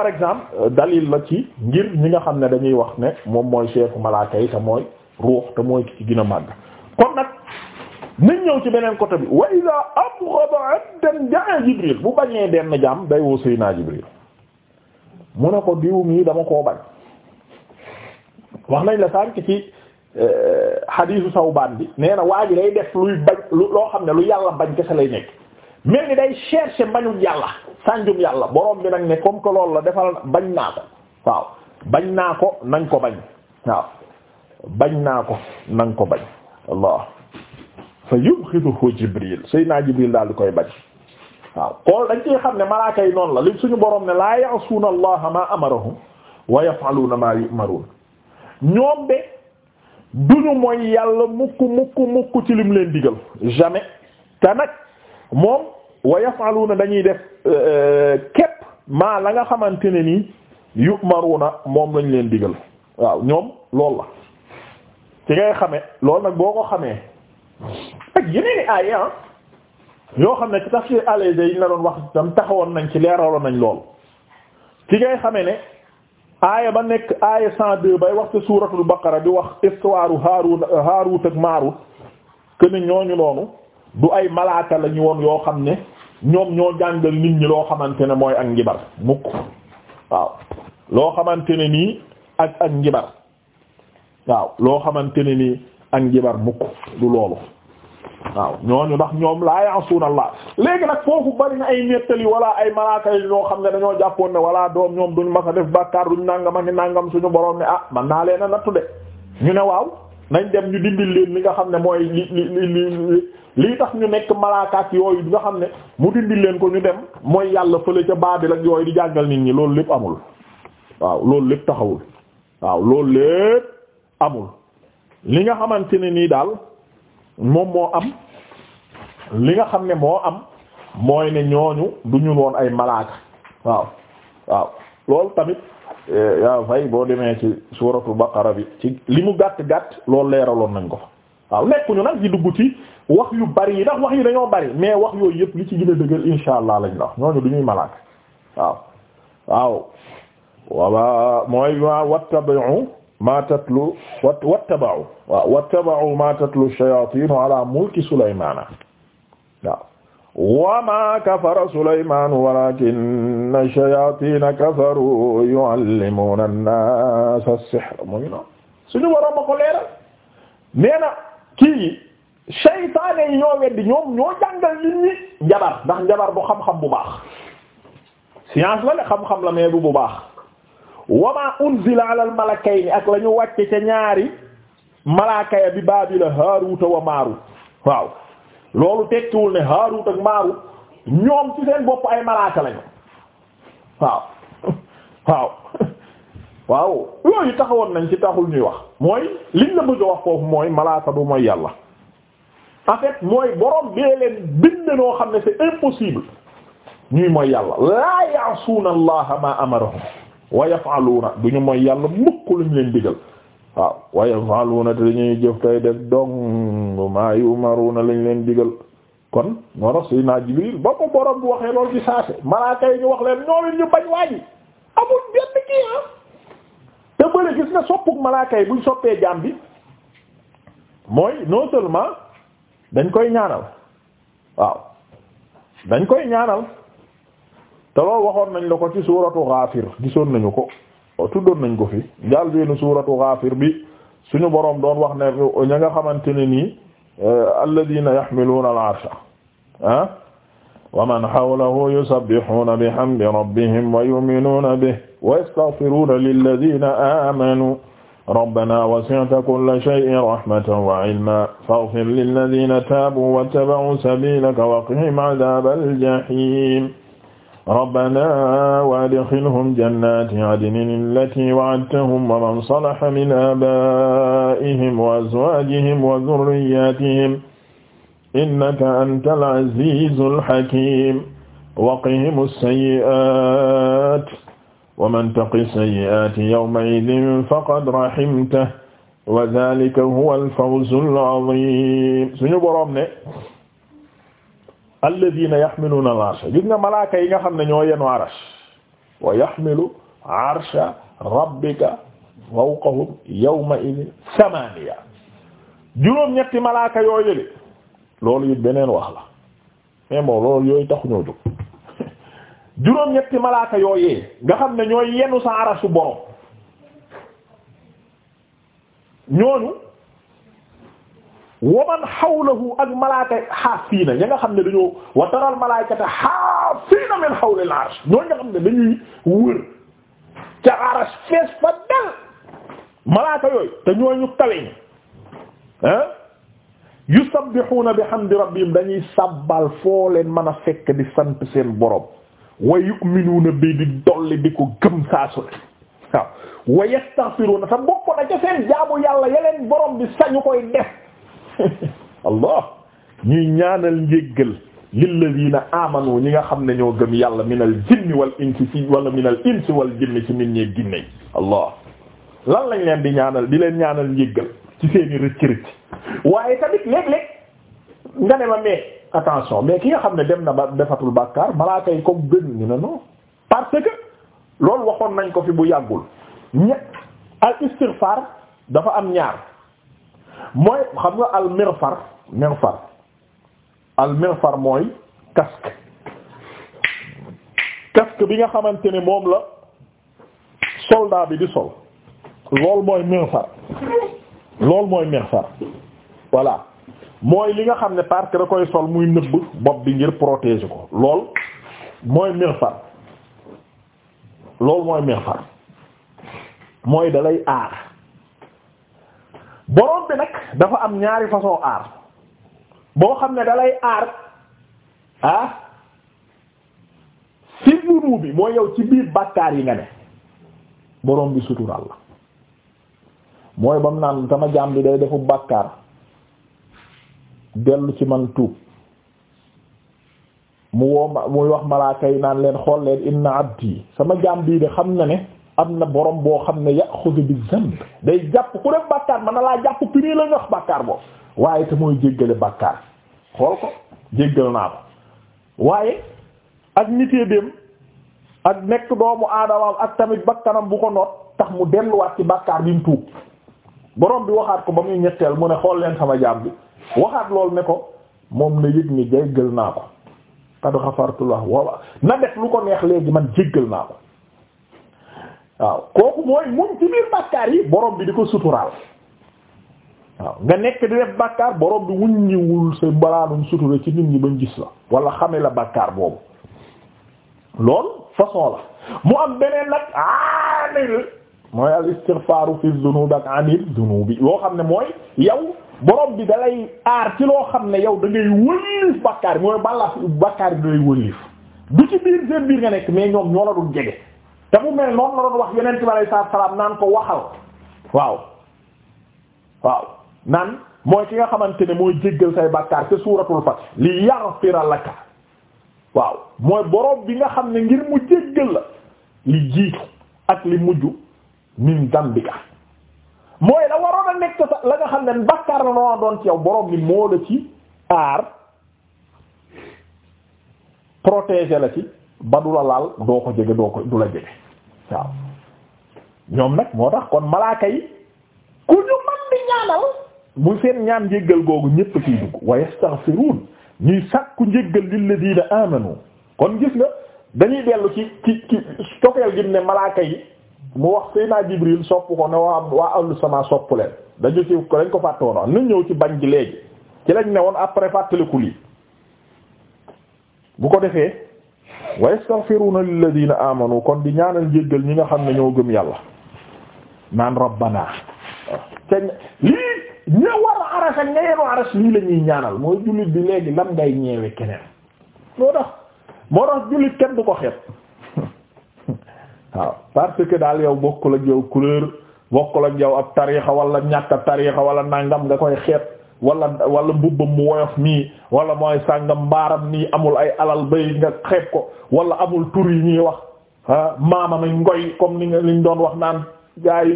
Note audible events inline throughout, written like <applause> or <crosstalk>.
par exemple euh, dalil la ci ngir ñi nga xam ne dañuy wax ne moom mooy chefu malaaka yi te mooy ruux te mooy ki ci màgg kon nag nañ ñëw ci beneen côté bi wa ida abghada abdan jaa jibril bu bañee denn jaam day woo sëy naa jibril mu ne ko diw mii dama koo bañ wax nañ la sànk ci xadiisu euh, sawbaan bi nee na waa ji lay def luy bañ loo xam ne lu yàlla bañ kese lay nekk mel ni day chercher mbañum yàlla sànjum yàlla borom bi nag ne comme que loolu la defal bañ naa ko waaw bañ naa ko nañ ko bañ waaw bañ naa ko nañ ko bañ allah fa yubxiduhu jibril sayyidina jibril daal di koy bañ waaw kool dañ ciy xam ne malaaka yi la li suñu boroom ne laa ya'suuna allaha ma amarahum wa yaf'aluuna ma yu'maruun ñoom de duñu mooy yàlla mukk mukk mukk ci lim leen digal jamais te moom wa na dañuy def euh, euh, képp maa la nga xamante ne nii na moom lañ leen digal waaw ñoom loolu la ci ngay xame loolu nag boo ko xamee ak yoo xam ne ci tafsir alayhi yi ñu la doon wax dam taxawoon nañ ci leeraloon nañ lool ci ngay xame ne aaya ba nekk aaya 102 bay wax ci suuratul baqara di wax histoire Haarut Haarut ak Maarut que ñooñu noonu du ay malaaka lañu woon yoo xam ne ñoom ñoo jàngal nit ñi loo xamante ne mooy ak njibar mukk waaw loo xamante ne nii ak ak njibar waaw loo xamante ne nii ak njibar mukk du loolu waaw ñooñu ndax ñoom laa yaasuuna Allah léegi nag foofu bari na ay nettali wala ay malaaka yi ñoo xam ne dañoo jàppoon ne wala doom ñoom duñ masa def bàkkaar duñ nàngam ni nàngam suñu borom ne ah man naa leen a nattu de ñu ne waaw nañ dem ñu dindil leen li nga xam ne mooy li li li lii tax ñu nekk malaakaat yooyu nga xam ne mu dindil leen ko ñu dem mooy yàlla fële ca Baabil ak yooyu di jàngal nit ñi loolu lépp amul waaw loolu lépp taxawul waaw loolu lépp amul li nga xamante ne nii daal moom moo am li nga xam ne moo am mooy ne ñooñu du ñun woon ay malaaka waaw waaw loolu tamit yaa eh, fay boo demee ci suuratul baqara bi ci li mu gàtt gàtt loolu leeraloon nañ ko waaw nekkuñu nag di dugg ci wax yu bari yi ndax wax yi dañoo bari mais wax yooyu yëpp li ci gën a dëgër insha allah lañ la wax ñooñu duñuy ñuy malaak waaw waaw waba mooy ma wattaba'u ma tatlu wattaba'u waaw wattaba'u ma tatlu shayatin mulki sulaymana waaw wama kafara Sulaymaan walaakinna shayaatiina kafaru yu'allimuuna an-naasa as-sihr mu ngi noonu suñu waroon ma ko leeral nee na kii seytaane yi ñoo weddi ñoom ñoo jàngal nit ñi njabar ndax njabar bu xam-xam bu baax science la ne xam-xam la mais bu bu baax wama unzila ala al-malakayni ak la ñu wàcce ca ñaari malaaka ya bi Baabila Haaruuta wa Maaruuta waaw loolu tekkiwul ne Haarut ak Maarut ñoom ci seen bopp ay malaaka lañu waaw <laughs> waaw <laughs> waaw yooyu taxawoon nañ ci taxul ñuy wax mooy liñ la bëgg a wax foofu mooy malaaka du mooy yàlla en fait mooy borom bee leen bind noo xam ne c'est impossible ñuy mooy yàlla laa yaasuuna allaha ma amarahum wa yafaaluuna du ñu mooy yàlla mukk luñ leen digal waaw wa yaf'aluuna te dañuy jëf tay def dong maa yu'maruuna lañ leen digal kon moo tax Seydina Jibril ba ko bu waxee loolu ci saase malaaka yi ñu wax leen ñoom ñu bañ waa ji amul benn kii ah te bële gis nga soppuk malaaka yi buñ soppee jaam bi mooy non seulement dañ koy ñaanal waaw dañ koy ñaanal te loolu waxoon nañ la ko ci suuratu Ghaafir gisoon nañu ko tuddoon nañ ko fi njaal beenu suuratu Ghafir bi suñu boroom doon wax ne ña nga xamante ne nii eh, alladina yaxmiluuna al arsha ah wa man hawlahu yusabbihuna bihamdi rabbihim wa yu'minuna bihi wa yastaghfiruna lilladina amanu rabbana wasi'ta kulla shay'in rahmatan wa 'ilman faghfir lilladina tabu wattaba'u sabilaka wa qihim 'adhabal jahim rabbanaa wa adxilhum jannaati adnin allatii wa'adtahum wa man salaha min aabaa'ihim wa azwaajihim wa dhurriyyaatihim innaka antal aziizul hakiim wa qihim as-sayyi'aat wa man taqi as-sayyi'aati yawma'idhin faqad rahimtahu wa dhaalika huwal fawzul 'aziim suñu boroom ne alladina yaxmiluuna al arsha gis nga malaaka yi nga xam ne ñoo yenu arsh wa yaxmilu arsha rabbika fawqahum yawma idin samaniya juróom ñetti malaaka yoo yële loolu it beneen wax la mais moom loolu yooyu taxu ñoo jóg <laughs> juróom ñetti malaaka yooyee nga xam ne ñoo yenu sa arasu borom ñooñu waman xawlahu ak malaaka xaafiina ña nga xam ne dañoo wa taral malaayikata xaafiina min xawlil arsh ñoo nga xam ne dañuy wër ca arsh fees fa del malaaka yooyu te ñooñu kaweñ ah yusabbihuna bihamdi rabbihim dañuy sabbal foo leen mën a fekk di sant seen borom wa yu'minuna bi di dolli di ko gëm saasu ne waaw wa yastaghfiruna yàlla yeleen borom bi sañu koy def <laughs> allah ñuy ñaanal njéggal lilladina amanu ñi nga xam ne ñoo gëm yàlla minal jinni wal insi ci wala minal insi wal jinni ci nit ñee ginne yi allah lan lañ leen di ñaanal di leen ñaanal njéggal ci seeni rëcc rëcc waaye tamit léeg-léeg nga ne ma mais attention mais ki nga xam ne dem na ba defatul bàkkaar balaa yi ko gën ñu na non parce que loolu waxoon nañ ko fi bu yàggul ñett al istighfar dafa am ñaar mooy xam nga al mirfar mirfar al mirfar mooy casque casque bi nga xamante ni moom la soldat bi di sol lool mooy mirfar lool mooy mirfar voilà mooy li nga xam ne parce que koy sol muy nëbb bopp bi ngir protége ko lool mooy mirfar lool mooy mirfar mooy dalay aar borom bi nag dafa am ñaari façon aar boo xam ne dalay aar ah si dunu bi mooy yow ci biir bàkkaar yi nga ne borom bi suturaal la mooy bam naan sama jaam bi day defu bàkkaar dellu ci man tuub mu woo muy wax malaaka yi naan leen xool leen inna abdi sama jaam bii de xam na ne am na borom boo xam ne yaxudu bi zamb day jàpp ku def bàkkaar man na laa jàpp prix la ñox bàkkaar boobu waaye te mooy jéggale bàkkaar xool ko jéggal naa ko waaye ak nitee dem ak nekk doomu aadamaam ak tamit bakkanam bu ko noot tax mu delluwaat ci bàkkaar bi mu tuub borom bi waxaat ko ba muy ñetteel mu ne xool leen sama jaam bi waxaat loolu ne ko moom na yëg ni jéggal naa ko kad xafartu la wala na def lu ko neex léegi man jéggal naa ko waaw kooku mooy muñ ci biir bàkkaar yi borom bi di ko suturaal waaw nga nekk di def bàkkaar borom bi wuññiwul sa balaanum sutura ci nit ñi bañ gis la wala xame la bàkkaar boobu loolu façon la mu am beneen nag anil mooy al istighfaru fi dhunub ak anil dhunubi loo xam ne mooy yow borom bi dalay aar ci loo xam ne yow da ngay wëlliif bàkkaar yi mooy balla bàkkaar yi da lay du ci biir seen biir nga nekk mais ñoom ñoo la dul jege te mu mel noonu la doon wax yonent bi alayhi salaatu salaam naan ko waxal waaw waaw naan mooy ki nga xamante ne mooy jéggal say bàkkaar te suuratul Fath li yaghfira laka waaw mooy boroom bi nga xam ne ngir mu jéggal la li jiitu ak li mujj min dambika mooy la waroon a nekk sa la nga xam ne bàkkaar la noonu doon ci yow boroom bi moo la ci aar protéger la ci ba du la laal doo ko jege doo ko du la jege waaw ñoom nag moo tax kon malaaka yi ku ñu man di ñaanal bu seen ñaan njéggal googu ñépp ciy dugg wa yastaghfiruun ñuy sàkku njéggal lilladiina amanu kon gis nga dañuy dellu ci ci ci cokeel gi ne malaaka yi mu wax Seydina Jibril sopp ko ne waa waa ahlu sama sopp leen dañu ci dañ ko fàtte woon nu ñëw ci bañ gi léegi ci lañ ne woon après fàttaliku lii bu ko defee wa yastaghfiruna lilladina amanu kon di ñaanal jéggal ñi nga xam ne ñoo gëm yàlla naan rabbana te lii ña war aras ak ña yenu aras lii la ñaanal mooy jullit bi léegi lan ngay ñeewe keneen moo tax moo tax jullit kenn du ko xeet waaw parce que daal yow bokkul ak yow couleur bokkul ak yow ab tariixa wala ñàkk tariixa wala nangam nga koy xeet wala wala mbubbam mu woyof nii wala mooy sàngam mbaaram nii amul ay alal bay nga xeeb ko wala amul tur yi ñuy wax ah maama mi ngoy comme ni nga liñ doon wax naan gaa yi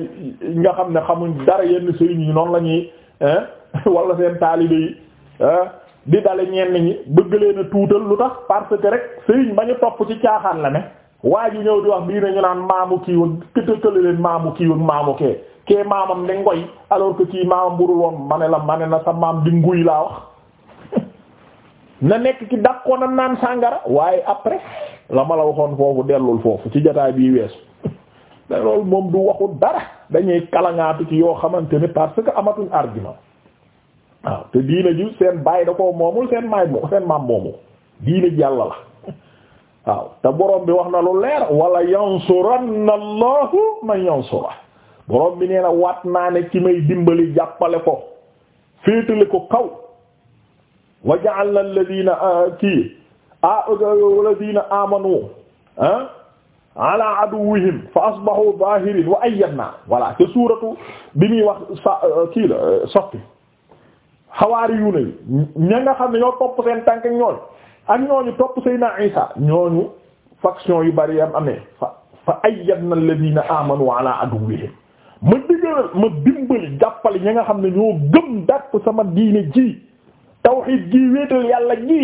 nga xam ne xamuñ dara yenn sëriñ yi noonu la ñuy <laughs> wala seen taalibe yi di dale ñenn ñi bëgg leen a tuutal lu tax parce que rek sëriñ ba ñu topp ci caaxaan la ne waa ji ñëw di wax bii nañu naan maamu kii wag këtëkële leen maamu kii wag maamu kee kee maamam ne ngoy alors que kii maamam burul woon ma ne la ma ne na sa maam di nguy laa wax <laughs> na nekk ci dakkoon a naan sàngara waaye après la ma la waxoon foofu dellul foofu ci jotaay bii weesu da <laughs> moom du waxu dara dañuy kalangaatu ci yoo xamante ni parce que amatuñ argument waaw te diina ji seen baay da koo moomul seen maay seen maam moomu diina ji yàlla la <laughs> waaw te borom bi wax na lu leer wala yansuranna allahu man yansura borom bi nee na waat naa ne ci may dimbali jàppale ko féetale ko kaw wa ja'alna ah, kii a ah, alladhina amanu ah ala suuratu bi muy wax sa euh, kii la euh, sotti xawaari yu ne nga xam ne ñoo topp seen tànk ñooñ ak ñooñu topp Seydina Isa ñooñu faction yu bari yam amee fa fa ayyadna alladhina amanu ala aduwwihim ma digalal ma dimbali jàppale ñi nga xam ne ñoo gëm dàkku sama diine ji tawxiid gi wéetal yàlla ji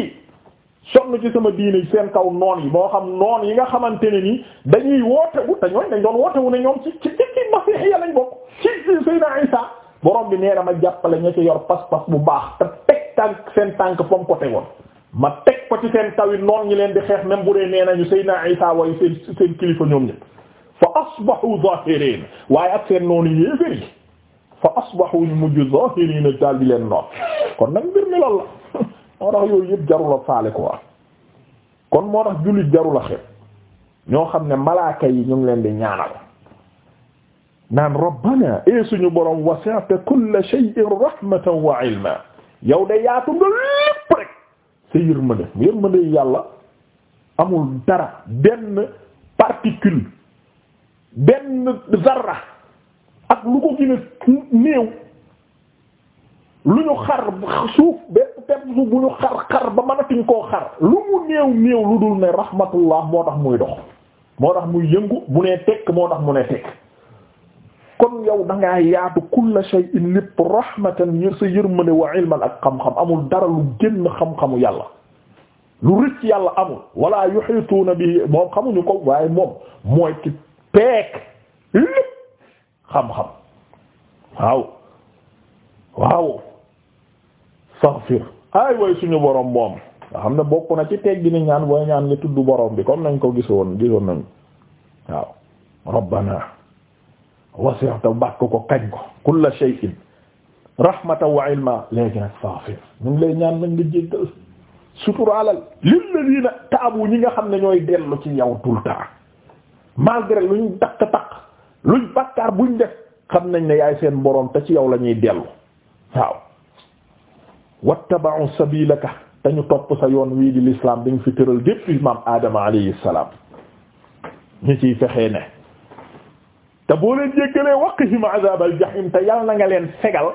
sonn ci sama diine seen kaw noon yi moo xam noon yi nga xamante ne ni dañuy wootewu te ñooñ dañ doon wootewu ne ñoom ci ci ci masiixiya lañ bokk ci ci Seydina Isa borom bi nee na ma jàppale ña ci yor pas-pas bu baax te teg tànk seen tànk fam ko tegoon ma teg ko ci seen kaw yi noon ñi leen di xeex même bu dee nee nañu Seydina Isa way seen seen kilifa ñoom ñëpp fa asbahu zahirin waaye ak seen noonu yéefér yi fa asbahu ñu mujj zahirin ak daal di leen noon kon nag mbir <laughs> moo tax yooyu yëpp jarul a faale kon moo tax jullit jarul ñoo xam ne malaaka yi ñu ngi leen di ñaanal naan rabbana ee suñu borom wasi'ta kulla shay'in rahmatan wa ilma yow de yaatu nga rek sa yërmande yërmande yàlla amul dara benn particule benn zarra ak lu ko gën néew lu ñu xar suuf bépp pepp suuf bu ñu xar xar ba mënatuñ koo xar lu mu néew néew lu dul ne rahmatullah moo tax muy dox moo tax muy yëngu mu nee tekk moo tax mu ne tekk kon yow da yaatu kulla shay'in lépp rahmatan yër sa yërmande wa ilman ak xam-xam amul dara lu génn xam-xamu yàlla lu rëcc yàlla amul wala yuhituuna bi moom xamuñu ko waaye moom mooy ki peek lépp xam-xam waaw waaw saxfir ay way suñu borom moom nga xam ne bokk na ci teg gi ni ñaan booy ñaan nga tudd borom bi comme nañ ko gisoon gisoon nañ waaw rabbana wasi'ta bàkk ko kañ ko kulla shay'in rahmatan wa ilma léegi nag saxfir ñu ngi lay ñaan nag nga jéggal suturaalal lil ladina taabu ñi nga xam ne ñooy dellu ci yow tout temps malgré lu ñu takk luñ bàkkaar buñ def xam nañ ne yaay seen boroom te ci yow la ñuy dellu waaw wattaba'u sabilaka te ñu topp sa yoon wii di l'islam bi nga fi tëral depuis maam Adama alayhi salaam ñu ciy fexee ne te boo leen jéggalee waqihim azabal jahim te yal na nga leen fegal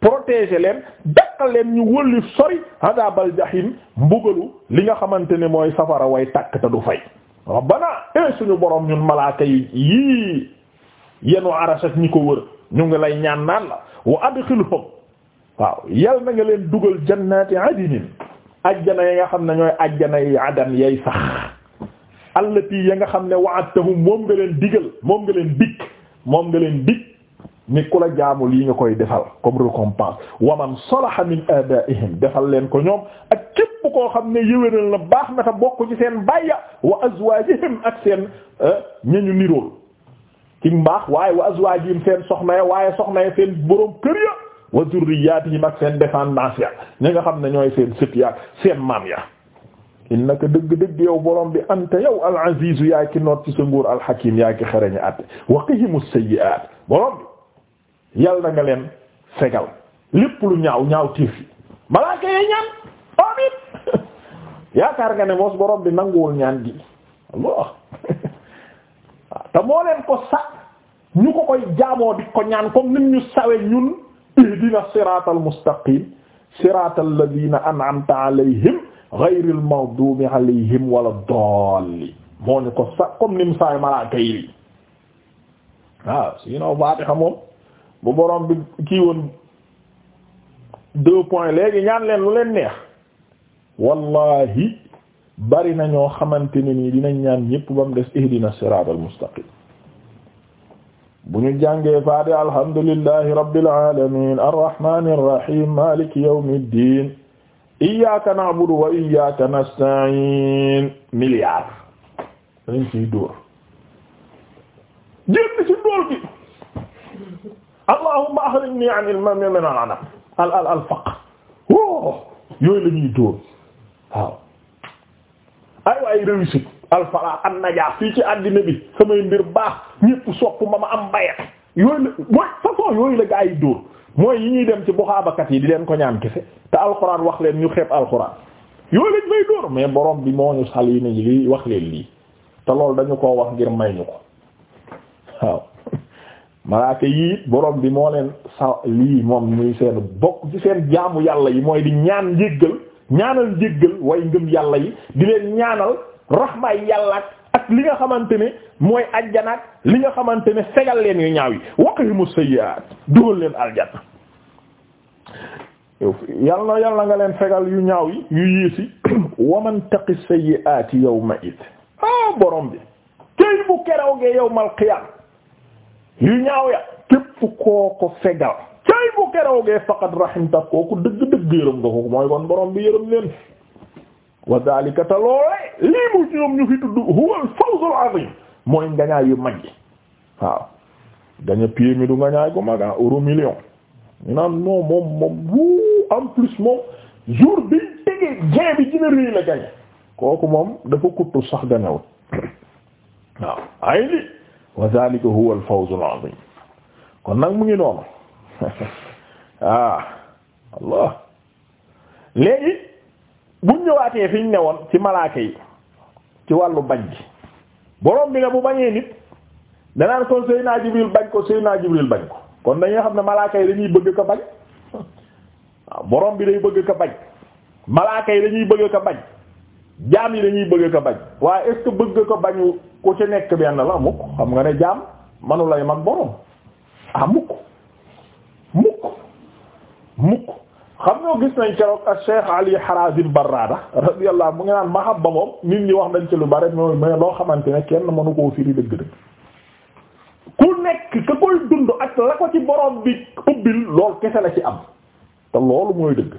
protéger leen daqal leen ñu wëlli sori azabal jahim mbugalu li nga xamante ne mooy safara way tàkk te du fay rabbana ee eh, suñu boroom ñun malaaka yi yii yenu aras ak ñi ko wër ñu ngi lay ñaan naan la wa adxilhum waaw yal na nga leen dugal jannaati adinin ajjana ya nga xam ne ñooy ajjana yi adan yay sax allati ya nga xam ne wa'adtahum moom nga leen digal moom nga leen dikk moom nga leen dikk ni ku la jaamu yi nga koy defal comme récompense wa man salaha min abaihim defal leen ko ñoom ak képp koo xam ne yëwénal na baax na ta bokk ci seen bàyya wa azwajihim ak seen eh, ñañu nirool ci mbaax waaye wa azwajihim seen soxna ya waaye soxna ya seen boroom kër ya wa zurriyatihim ak seen descendance ya ñi nga xam ne ñooy seen sët ya seen maam ya innaka dëgg-dëgg yow borom bi ant yow al azizu yaa ki noot ci sa nguur al hakim yaa ki xereñi atte wa qihim yal na nga leen fegal lépp lu ñaaw ñaaw tiif yi malaaka yee ñaan amin <laughs> yaakaar nga ne moos borom bi nanguwul ñaan gi Allah <laughs> ah, te moo leen ko sa ñu ko koy jaamoo di ko ñaan comme nit ñu sawe ñun ihdina siratal mustaqim siratal ladina an'amta alayhim ghayril maghdubi alayhim wala dalli moo ñu ko sa comme ni mu sawe malaaka yi waaw ah, sinon Faatiha moom bu borom bi kii woon deux léegi ñaan leen lu leen neex wallahi bari na ñoo xamante ne nii dinañ ñaan ñépp ba mu des ihdina siraatal mustaqim bu ñu jàngee faade alhamdulillahi rabbil alamin arrahmanir rahim maliki yawmiddin iyyaka na'budu wa iyyaka nasta'in milliard dañ ciy dóor jénn ci dóor bi allahumma akhrijni an il ma min al anam al al al faq woo yooyu la dóor waaw ay réussite al falaa an najaa fii ci àddina bi samay mbir baax ñépp sopp ma ma am bayat yooyu la mooy façon yooyu la ñuy dem ci buxaabakat yi di leen ko ñaan kese te alxuraan wax leen ñu xeeb alxuraan yooyu lañ may dóor mais boroom bi moo ñu sal yi ne lii wax leen lii te loolu dañu ko wax ngir may ñu ko waaw malaaka yii boroom bi moo leen sa lii moom muy seen bokk ci seen jaamu yàlla yi mooy di ñaan njéggal ñaanal njéggal way ngëm yàlla yi di leen ñaanal raxmaay yàlla ak li nga xamante ne mooy ajjanaat li nga xamante ne fegal leen yu ñaaw yi waqihimu sayyi'aat dugal leen aljanna yal na yal na nga leen fegal yu ñaaw yi yu yiisi <coughs> waman taqi sayyi'aati yawma id ah borom bi tey bu keroogee yawmal qiyaama yu ñaaw ya képp koo fegal cay bu keroogee faqad rahimta kooku dëgg-dëgg yërëm nga ko mooy kon borom bi yërëm leen wa dhalika loole lii mu ñoom ñu fi tudd huwa al fawz al azim mooy ngañaay yu mag waaw gaña pied mi du ngañaay gu mag ah euro million ñu naan moom moom moom wu en jour bi tegee bi dina rëy la gañe kooku moom dafa kuttu sax gañawut waaw ay li wa zalika huwa al fawz al azim kon nag mu ngi noonu <laughs> ah allah léegi buñ ñëwaatee fiñ ne woon ci malaaka yi ci wàllu bañ bi borom bi ne bu bañee nit danaan kon Seydina Jibril bañ ko naa Jibril bañ ko kon dañuy xam ne malaaka yi dañuy bëgg ko bañ waaw <laughs> ah, borom bi day bëgg ko bañ malaaka yi dañuy bëgg ko bañ jaam yi dañuy bëgg ko bañ waaye est bëgg ko bañu ku ci nekk benn la mukk xam nga ne jaam manu lay man borom ah mukk mukk mukk xam nga gis nañ keroog ak Cheikh Ali Harazim Barrada radiyallahu mu ngi naan mahabba moom nit ñi wax nañ ci lu bari mooy mais loo xamante ne kenn mënu koo firi dëgg-dëgg ku nekk ka koy dund ak la ko ci borom bi ubbil lool kese ci am te loolu mooy dëgg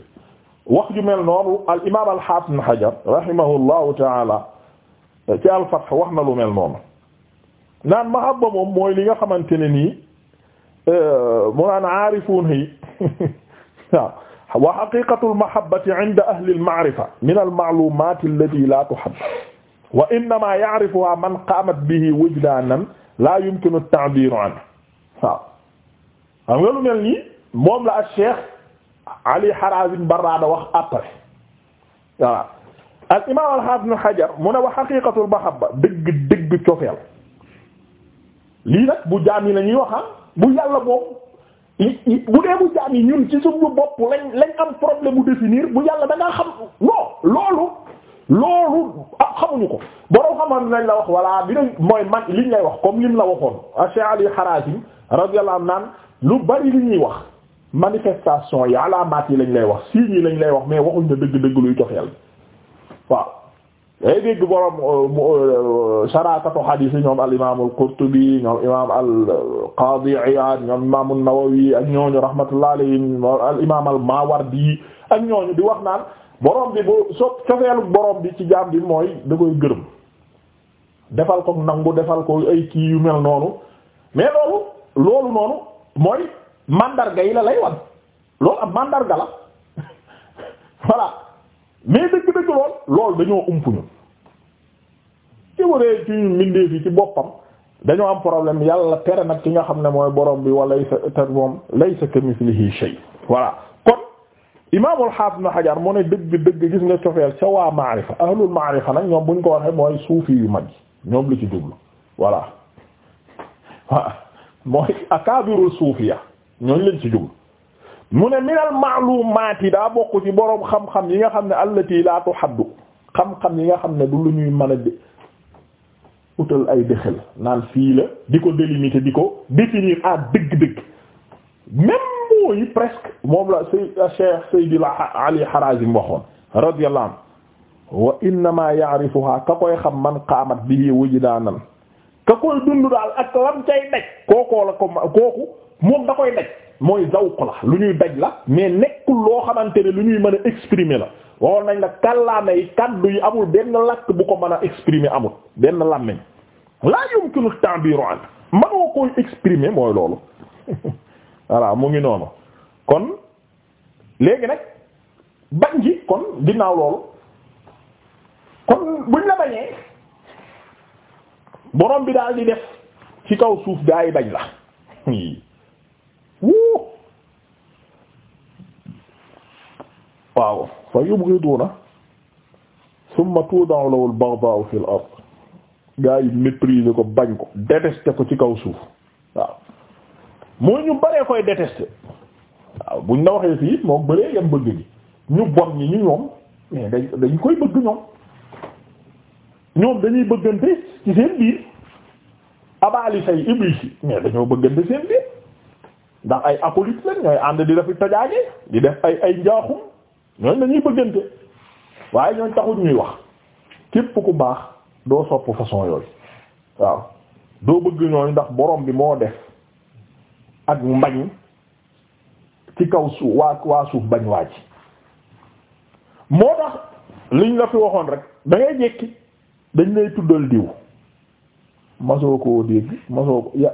wax ju mel noonu al imaam al Hasan Hajar rahimahullahu ta'ala ci al-Fath wax na lu mel noonu naan mahabba moom mooy li nga xamante ne nii euh, mu naan aarifuun yi <laughs> waaw wa xaqiqatul mahabbati inda ahli al-ma'rifa min al-ma'lumaati allati laa tuhab wa innamaa ya'rifuhaa man qaamat bihi wujdaanan laa yumkinu at-ta'biiru anhu waaw xam nga lu mel nii moom la ak Cheikh Ali Harazim Barrada wax après waaw al imaam al-Haafiz Ibn Hajar mu ne wa xaqiiqatul mahabba dëgg dëgg cofeel lii nag bu jaam yi la ñuy wax ah, bu yàlla moom bu dee bu jaam yi ñun ci suñu bopp lañ lañ am problème bu définir bu yàlla da ngaa xam non loolu loolu ah, xamuñu ko borom xam-xam nañ la wax walla bi mooy man liñ lay wax comme lim la waxoon ah, Cheikh Ali Harazim radiyallahu anhu naan lu bari li ñuy wax manifestation yi alaamaat yi lañ lay wax signes yi lañ lay wax mais waxuñ ne dëgg-dëgg luy cofeel waaw day dégg borom euh, euh, sarakatu hadith ñoom al imam al Qurtubi ñoom imam Qadi Iyad ñoom imam nawawi ak ñooñu rahmatullahi alayhim al imam Mawardi ak ñooñu di wax naan borom bi bu so cofeelu borom bi ci jaam bi mooy da koy gërëm defal ko nangu defal ko ay kii yu mel noonu mais loolu loolu noonu mooy mandarga yi la lay wan loolu ab mandarga la <laughs> voilà mais dëgg-dëgg lool loolu dañoo umpuñu ci waree ci mbindeef yi ci boppam dañoo am problème yàlla tere nag ki nga xam ne mooy borom bi wala sa te moom laysa kamislihi shay voilà kon imaamul xaafis na xajar mu ne dëgg dëgg gis nga cofeel ca waa maarifa ahlul maarifa nag ñoom buñ ko waxee mooy suufi yu mag ñoom lu ci jublu voilà waaw <laughs> mooy akaabiru suufiya ñooñ lañ ci jublu mu ne minal maalumaati daa bokk ci boroom xam-xam yi nga xam ne allati laa tuhaddu xam-xam yi nga xam ne du lu ñuy mën a utal ay dëxel naan fii la di ko délimiter di ko définir à dëgg-dëgg même mots yi presque moom la Cheikh Seydi Ali Harazim waxoon radiyallahu anhu wa innama ya'rifuha ka koy xam man qaamat bihi wujdaanan ka koy dund daal ak lam cay daj kookoo la ko kooku moom da koy daj mooy zawq la lu ñuy daj la mais nekkul loo xamante ne lu ñuy mën a exprimer la waxoon nañ la kàllaama yi kaddu yi amul benn lakk bu ko mën a exprimé amul benn làmmiñ laa yumkinu ta'biru an manoo koy exprimer mooy loolu <laughs> voilà mu ngi noonu kon léegi nag bañ gi kon ginnaaw loolu kon buñ la bañee borom bi daal di def ci kaw suuf gaa yi bañ la <laughs> waaw fa yubghiduna thumma na lahu al-baghda'u fil ard gaa yi mépriser ko bañ ko détester ko ci kaw suuf waaw mooy ñu baree koy détester waaw buñ la waxee fii moom bëree yam bëgg gi ñu bon ñi ñu ñoom mais dañ dañ koy bëgg ñoom ñoom dañuy bëggante ci seen biir abaali say iblis yi mais dañoo bëggante seen biir ndax ay acolytes lañ ñooy ànd di def tojaage di def ay ay njaaxum ñooñ dañuy bëggante waaye ñooñ taxut ñuy wax képp ku baax doo sopp façon yooyu waaw doo bëgg ñooñ ndax borom bi moo def ak mbañ ci kaw suuf waa waa suuf bañ waaj moo tax liñ la fi waxoon rek da ngay jekki dañ lay tuddal diw masoo koo dégg masoo ko ya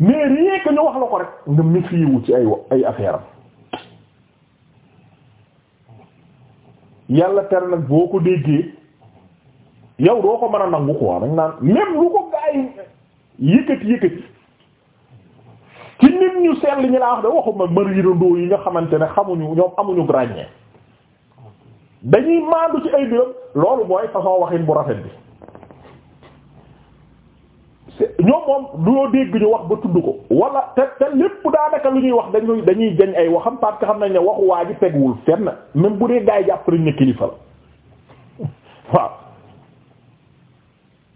mais rien que ñu wax la ko rek nga méfier wu ci ay ay yàlla ter nag boo ko déggee yow doo ko mën a nangu quoi dañ naan même lu ko gaa yi yëkkati yëkkati ci nit ñu sell ñi laa wax de waxuma mariirandoo yi nga xamante ne xamuñu ñoom amuñu ràññee dañuy maandu ci ay biram loolu mooy façon waxin bu rafet bi ñoom moom duñoo dégg ñu wax ba tudd ko wala te te lépp daanaka lu ñuy wax dañuy dañuy jañ ay waxam parce que xam nañ ne waxu waa ji feguwul fenn même bu dee gaa yi jàpp nañ ne kilifa la <laughs> waaw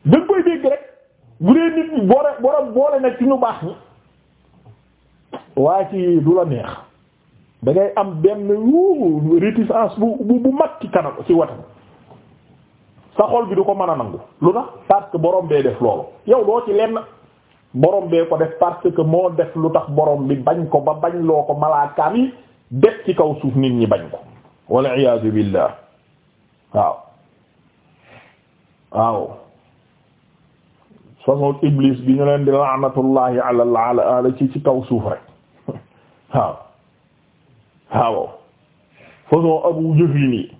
da dégg rek bu dee nit ñi boole borom boole nag ci ñu baax ñi waa ci du la neex da ngay am benn réticence bu bu bu mag ci kanam ci watam sa xol bi du ko mën a nangu lu tax parce que borom bee def loolu yow doo ci lenn borom bee ko def parce que moo def lu tax borom bi bañ ko ba bañ loo ko malaakaam yi def ci kaw suuf nit ñi bañ ko walla iyaazu billaah waaw waaw façon bi ñu leen di laanatullahi ala ala ci ci kaw suuf rek <laughs> waaw abu jëflin yi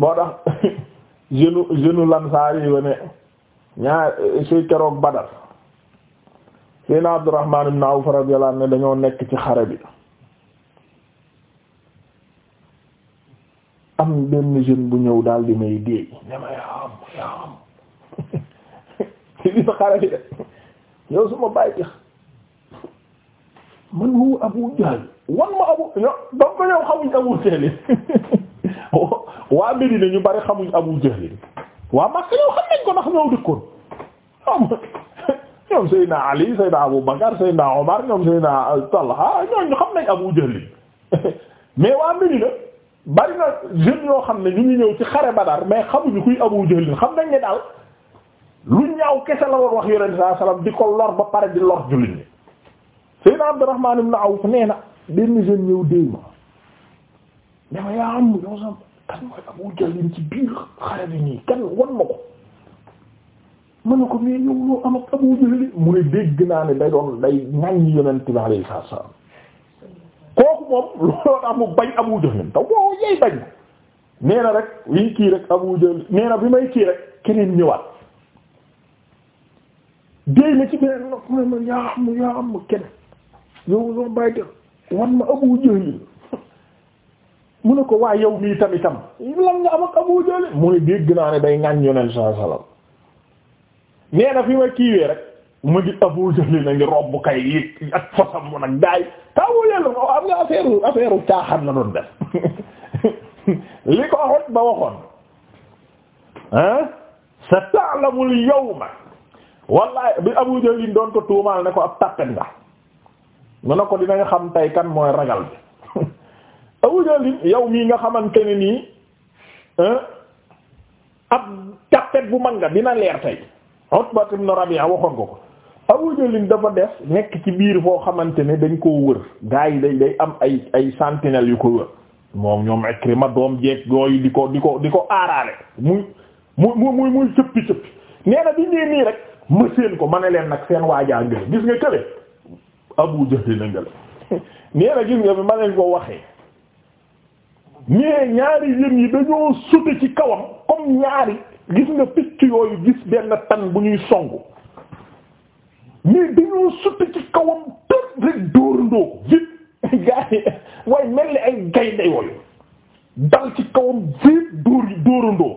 moo tax <laughs> jeune jeune lansaar yi wane ñaar suy keroog Badar Seydina Abdurrahman ibn Awf radiyallahu anhu dañoo nekk ci xare bi am benn jeune bu ñëw daal di may déey ne ma yaa am yaa am <laughs> ci biir xare bi de yow su ma bàyyi man hu Abu Jahl wan ma abu yo donc yow <laughs> ñu bari xamuñ Abu Jahl waa Makka yow xam nañ ko ndax ñoo dëkkoon <laughs> ñoom Seydina Ali Seydina Abu Bakar Seydina Omar ñoom Seydina Talha ñooñu xam nañ Abu Jahl <laughs> mais waa Medina bari na jeunes yoo xam ne ñu ngi ñëw ci xare Badar mais xamuñu kuy Abu Jahl xam nañ ne daal lu ñaaw kese la war wax Yonent sallallahu alayhi wasallam di ko lor ba pare di lor jullit ñi Seydina Abdurrahman ibn Awf nee na benn jeune ñëw déy ma dama yaa am yow sam kan mooy ci biir xare bi nii kan wan ma ko mën na ko mais yow loo am ak Abu Jahl mu ne dégg naa ne day doon day ñàññ yonent bi alayhi salaam kooku moom looloo tax bañ Abu Jahl taw boo bañ nee na rek liñ kii rek Abu Jahl bi may kii rek keneen ñëwaat déy na ci beneen nag mu ma yaa am yaa am keneen yow soo bàyyi te wan ma Abu Jahl mu ne ko waa yow mii tamitam lan nga am ak Abu Jahl mu ne dégg naa ne day ŋañ yonent saa salaam nee fi ma kiiwee rek mu di Abu Jahl ngi robb kay yi ak fasam mu nag daay taawu yellu nga am nga affaire affaire caaxaan la doon def <laughs> li ko waxoon ba waxoon ah sa ta'lamul yawma wallahi bi Abu doon ko tuumaal ne ko ab tàppet nga mu ne ko dinañ xam tey kan mooy ragal bi <laughs> Abu yow mii nga xamante ne nii ab jàppet bu mag nga dina leer tey Utba ibn Rabi'a waxoon ko ko Abu Jahl dafa def nekk ci biir foo xamante ne dañ koo wër gaa yi day day am ay ay sentinelles yu ko wër moom ñoom Ikrima doom jeeg yooyu di ko di ko di ko aaraale mu muy muy mu cëppi cëppi nee na bi ñëwee nii rek ma seen ko ma ne leen nag seen waajaa ngir gis nga kële Abu Jahl na nga la nee gis nga bi ma leen ko waxee mais ñaari yëm yi dañoo sute ci kawam comme ñaari gis nga picc yooyu gis benn tan bu ñuy songu mais dañoo sute ci kawam tër rek dóorandoo vite waaye mel ni ay gaynde yooyu dal ci kawam vite dóor dóorandoo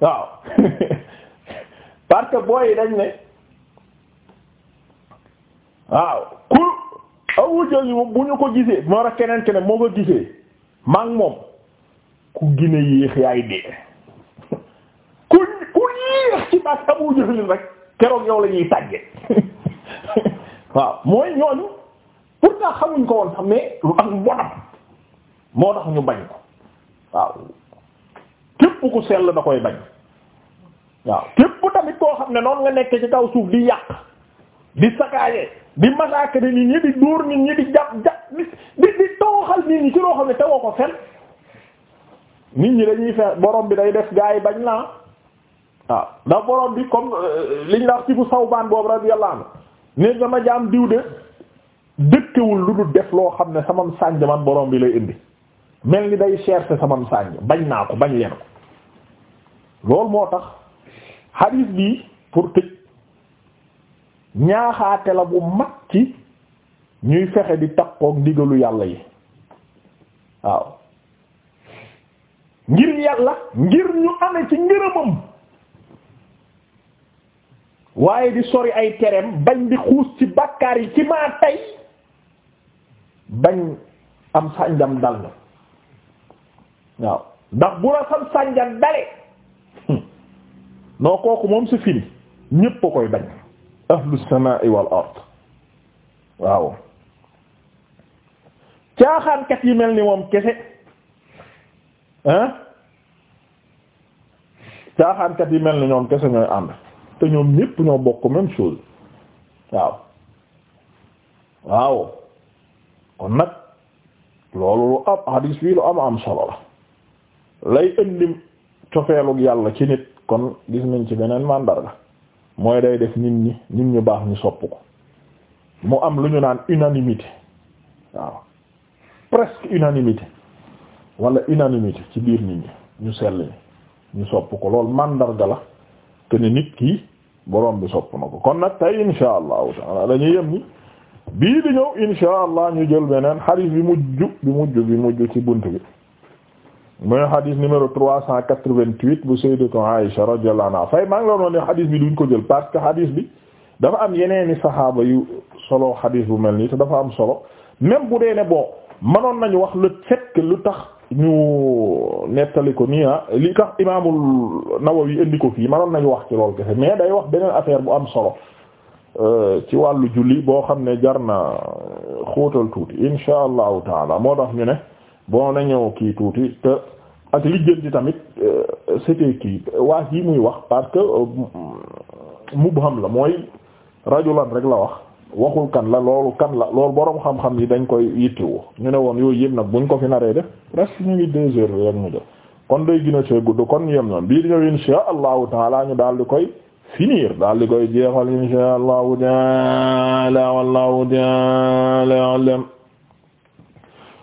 waaw <laughs> parce booy dañ ne waaw ku Abu Jahl bu ñu ko gisee moo tax keneen keneen moo ko gisee maa moom ku gine yéex yaay dee <laughs> ku ku yéex ci baat Abu Jahl rek keroog yow la ñuy tàgge <laughs> waaw mooy ñooñu pourtant xamuñ ko woon xam ne lu ak mbonam moo tax ñu bañ ko waaw képp ku sell da koy bañ waaw képp tamit koo xam ne noonu nga nekkee ci kaw suuf di yàq di sakaayee di massacrer nit ñi di dóor nit ñi di jàpp jàpp nit ñi ci loo xam ne tewoo ko fen nit ñi dañuy fe borom bi day def gaa yi bañ naa waaw ah. ah, ndax borom bi comme euh, liñ la wax ci bu sawbaan boobu radiyallahu anhu ne sama jaam diw de dëkkewul lu dul def loo xam ne samam sànj man borom bi lay indi mel ni day sama samam sànj bañ naa ko bañ leen ko loolu moo tax hadith bi pour tëj ñaaxaate la bu mag ci ñuy fexe di takkook ndigalu yàlla yi waaw ngir yàlla ngir ñu ame ci ngërëmam waaye di sori ay tereem bañ di xuus ci bàkkaar yi ci maa tey bañ am sànjam dal na waaw ndax bu la sam sànjam dale hmm, non kooku moom si fini ñépp a koy bañ ahlu samaa'i wal ard waaw caaxaankat yi mel ni moom kese ah caaxaankat yi mel ni ñoom kese ñooy ànd te ñoom ñépp ñoo bokk même chose waaw waaw kon nag loolu lu am hadis bii lu am am solo la lay indi cofeelug yàlla ci nit kon gis nañ ci beneen màndarga mooy day def nit ñi nit ñu baax ñu sopp ko mu am lu ñu naan unanimité waaw presque unanimité wala unanimité ci biir nit ñi ñu sell ñu sopp ko lool mandarga la te ne nit kii borom bi sopp na ko kon nag tey insha allahu taala dañuy yem ni bii di ñëw insha allah ñu jël beneen xadiis bi mujj bi mujj bi mujj ci bunt bi mooy xadis numéro trois cent quatre-vingt-huit bu sayyidatu Aïsha radiyallahu anha fay maa ngi la doon ne xadis bi duñ ko jël parce que xadis bi dafa am yeneeni saxaaba yu solo xadis bu mel nii te dafa am solo même bu dee ne bon mënoon nañu wax le fait lu tax ñu nettali ko nii ah li tax imaamul yi indi ko fii mënoon nañu wax ci loolu kese mais day wax beneen affaire bu am solo euh, ci wàllu julli boo xam ne jar na xóotal tuuti insha allahu taala moo tax ñu ne. bon na ñëw kii tuuti te ak li gën di tamit euh, c'était kii waa yi muy wax parce que xam euh, la mooy rajulan rek la wax waxul kan la loolu kan la loolu boroom xam-xam yi dañ koy yittewu ñu ne woon yooyu yëpp nag buñ ko fi naree def presque ñu ngi deux heures rek mu def kon day gën a see gudd kon yem noonu bii di ñëw insha allahu taala ñu daal di koy finir daal di koy jeexal insha allahu taala wallahu taala alam